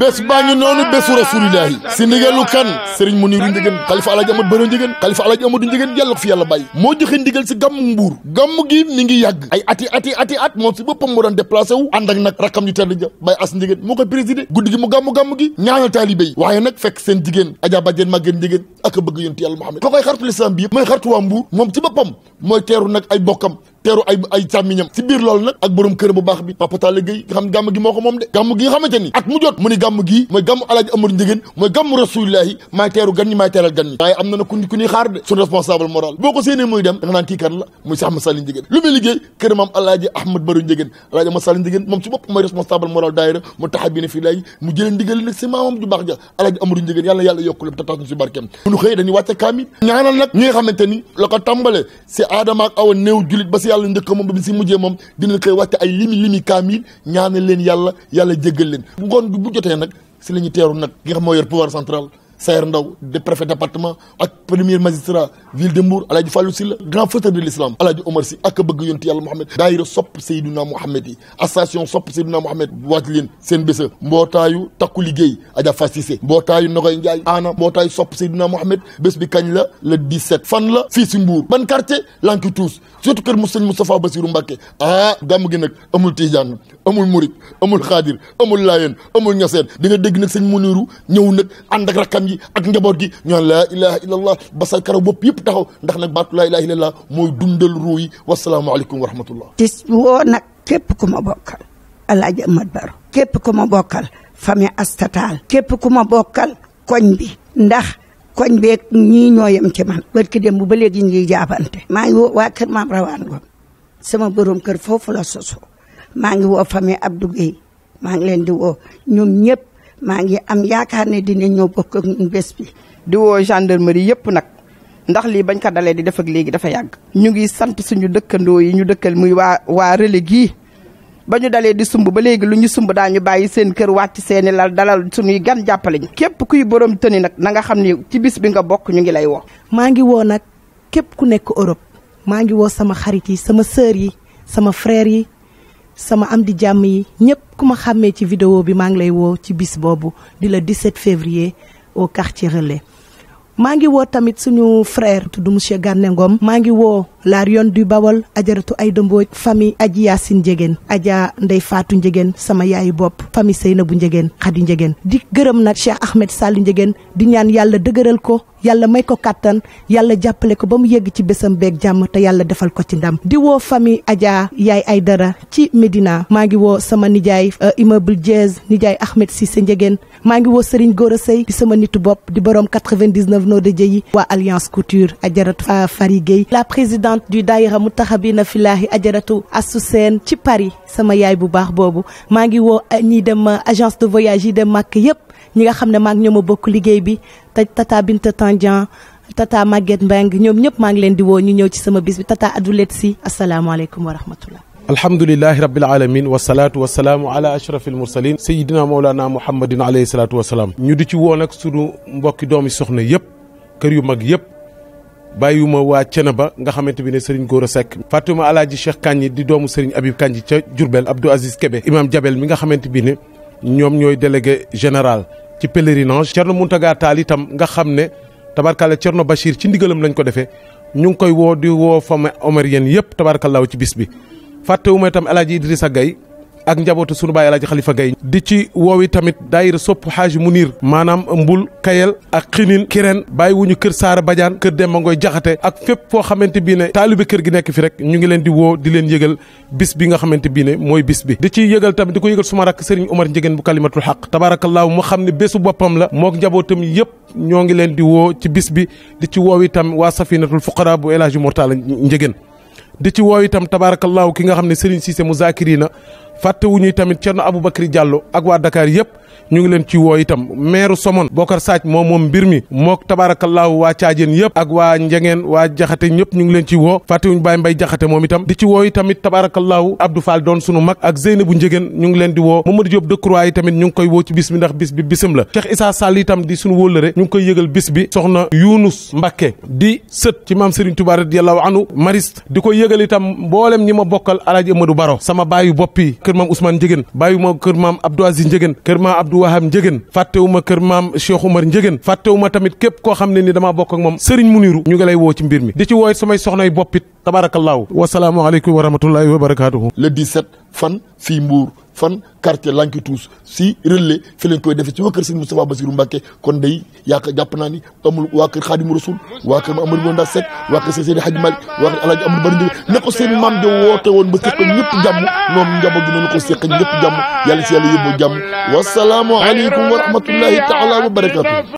bés baa ngi noonu bésu rasulillahi si ndigalu kan sëriñ Muniru Njëgën xalifa alaji amad moo joxe ndigal si gàmmu mbuur gàmmu gi mi ngi yàgg ay ati ati ati at moom si boppam déplacé wu ànd ak nag rakam ñu tedd ja bay as Njëgën moo koy présidé guddi gi mu gàmmu-gàmmu gi ñaanal taalibe a bëgg mooy xartu waa mbuur moom si boppam mooy teeru nag ay bokkam teeru ay ay càmmiñam ci biir loolu nag ak borom kër bu baax bi Papa Talla Gueye nga xam gàmm gi moo ko moom de gàmm gi nga xamante ni mu ni gàmm gii mooy gàmm alaaji amar njigéen mooy amaru njigéen yàlla yàlla yokku lépp tataas ñu si barkeem ñu xëy dañuy wàcce kaamil ñaanal nag ñi nga xamante tàmbale si aadama awa néew julit ba si yàlla njëkk moom ba bi si mujjee moom dinañ koy wàcce ay limi limi kaamil ñaanal leen yàlla yàlla jéggal leen ngoon bi bu jotee nag si la ñu teeru nag ki nga xam moo yor pouvoir central Sayer Ndaw de préfet département premier magistrat ville de Mbour Aladji Fallou Silla grand fauteur de l'islam Aladji Omar Sy ak bëgg yonti Yalla Mohamed, daayira Sop Seydouna Mohamed yi association sop Seydina Mohamed waaj Sen seen bésa takku liggéey Adja Fassise mbootaayu Nogoy Ndiaye ana sop Mohamed, bi kañ la le 17 fan la fi si ban quartier lanki tous surtout que Sëñ Moustapha Bassirou Mbacké ah gam gi nak amul Tijaan amul Khadir amul Layan amul Layen, amul Ñaseen di nga dégg nak ñëw nak gi ak njaboot gi ñu naan laa ilaha illallah basal karaw bopp yëpp taxaw ndax nag baatu laa ilaha illallah mooy dundal ruu yi wasalaamualeykum wa rahmatullah tis woo nag képp ku ma bokkal alaaji Amad Baro képp ku ma bokkal famille astataal képp ku ma bokkal koñ bi ndax koñ beeg ñii ñoo yem ci bu ba léegi ñu ngi jaabante maa ngi woo waa kër maam rawaan ngom sama borom kër foofu la soso maa woo famille Abdou Guèye maa woo ñoom ñëpp maa ngi am yaakaar ne dina ñëw bokk ak ñun bi. di woo gendarmerie yëpp nag ndax lii bañ ko dalee di def ak léegi dafa yàgg. ñu ngi sant suñu dëkkandoo yi ñu dëkkal muy waa waa relais gii ba ñu dalee di sumb ba léegi lu ñu sumb ñu bàyyi seen kër wàcc seeni lal dalal suñuy gan jàppale ñu. képp kuy borom tëni nag na nga xam ni ci bis bi nga bokk ñu ngi lay woo. maa ngi woo nag képp ku nekk Europe maa ngi woo sama xarit yi sama sœur yi sama frère yi. sama am di jàmm yi ñëpp ku ma xàmmee ci vidéo bi maa ngi lay woo ci bis boobu di le 17 février au quartier relais maa ngi woo tamit suñu frère du monsieur Gane Ngom maa ngi woo la Larion du Bawol ajaratu ay dëmbooj famille aji yaasin njegéen aja ndey faatu njegéen sama yaayu bopp famille Seynabu njegéen Xadi njegéen di gërëm nag Cheikh Ahmed Sall njegéen di ñaan yàlla dëgëral ko yàlla may ko kàttan yàlla jàppale ko ba mu yegg ci bésam beeg jàmm te yàlla defal ko ci ndam di woo famille Adja yaay ay dara ci Medina maa ngi woo sama nijaay euh, immeuble Diez nijaay Ahmed Cissé Ndiégène maa ngi woo Serigne Gora Seye di sama nitu bopp di borom 99 noo de jëyi waa Alliance Couture Adjara euh, Fari présidente du daayira Moutahabina Fillahi ajaratu Astou Sène ci Paris sama yaay bu baax boobu maa ngi woo eh, ñiy dem eh, agence de voyage yi dem màkk yëpp ñi nga xam ne maa ngi ñoom a bokk liggéey bi te Tata Binta Tandian Tata Maguette Mbengue ñoom ñëpp maa ngi leen di woo ñu ñëw ci sama bis bi Tata Adoulette Sy asalaamaaleykum wa rahmatullah alhamdulilahi rabil alamin wasalaatu wasalaamu ala ashrafi almursalin sayidina maolana muhammadin alayhi salaatu wasalaam ñu di ci woo nag sunu mbokki doomi soxna yëpp kër yu mag yëpp bàyyiwuma waa Cenaba nga xamante bi ne Serigne Gora Seck fàttuma alaaji Cheikh Kandji di doomu Serigne Habib Kandji ca Diourbel Abdou Aziz Kébé imam Jabel mi nga xamante bi ne ñoom ñooy délégué général ci pèlerinage Thierno Mountaga Tall itam nga xam ne tabarkalla Thierno Bachir ci ndigalam lañ ko defee ñu ngi koy woo di woo fama omar yéen yëpp tabarkallaaw ci bis bi fàttewuma itam alaaji Idrissa Gaye ak njabootu sunu baay Alaaji Xalifa Gay di ci woowi tamit daayira sopp xaaji Munir maanaam mbul kayel ak xinin kiren bàyyi wuñu kër Saara Badiane kër dem Ngoy Jaxate ak fépp foo xamante bi ne taalibe kër gi nekk fi rek ñu ngi leen di woo di leen yëgal bis bi nga xamante bi ne mooy bis bi di ci yëgal tamit di ko yëgal suma rakk Serigne Omar Njegéen bu kalimatul xaq tabaarakallaahu mu xam ne bésu boppam la mook njabootam yëpp ñoo ngi leen di woo ci bis bi di ci woow tam waa safinatul fuqara bu El Hadji Mortala di ci woow tam tabaarakallaahu ki nga xam ne Serigne Cissé mu zakiri na fàttewuñu tamit Thierno Aboubacry Diallo ak waa Dakar yëpp ñu ngi leen ci woo itam maire Somone Bokar Sadj moom moom mbir mi mook tabaarakallaahu waa Caajeen yëpp ak waa Njengeen waa Jaxate ñëpp ñu ngi leen ci woo fàttewuñu Baye Mbay Jaxate moom itam di ci woo tamit tabaarakallaahu Abdou Fall doon sunu mag ak Zeynabu Njegeen ñu ngi leen di woo Mamadou Diop Decroix yi tamit ñu ngi koy woo ci bis bi ndax bis bi bisam la Cheikh Issa Sall itam di sunu wóllëre ñu ngi koy yëgal bis bi soxna Younus Mbakke di sët ci maam Serigne Touba radiyallaahu anhu mariste di ko yëgal itam mboolem ñi ma bokkal Alaaji Amadou Baro sama baayu bopp yi kër maam Ousmane Njegeen baayu ma kër maam Abdou Aziz Njegeen kër maam Abdou Wahab Njëgën fàttewuma kër maam Cheikh Oumar Njëgën fàttewuma tamit képp koo xam ne ni damaa bokk ak moom Serigne Muniru ñu ngi lay woo ci mbir mi di ci wooyit samay soxnay boppit tabaarakallaahu wasalaamu aleykum wa rahmatullahi wa barakaatuhu le set fan fii Mbuur fan quartier Lankitus si relais fi lañ koy defee si waa kër Serigne ba Bassirou Mbacké kon day yaakaar jàpp naa ni amul waa kër Xaadimu Rasuul waa kër ma Amadou Ndaa Seck waa kër Seydi Hadji Malick waa kër Alaaji Amadou Bari Ndiaye ne ko seen maam de woote woon ba séq ñëpp jàmm noonu njaboot gi noonu ko séq ñëpp jàmm yàlla si yàlla yóbbu jàmm wasalaamu aleykum wa rahmatullahi taala wa barakatu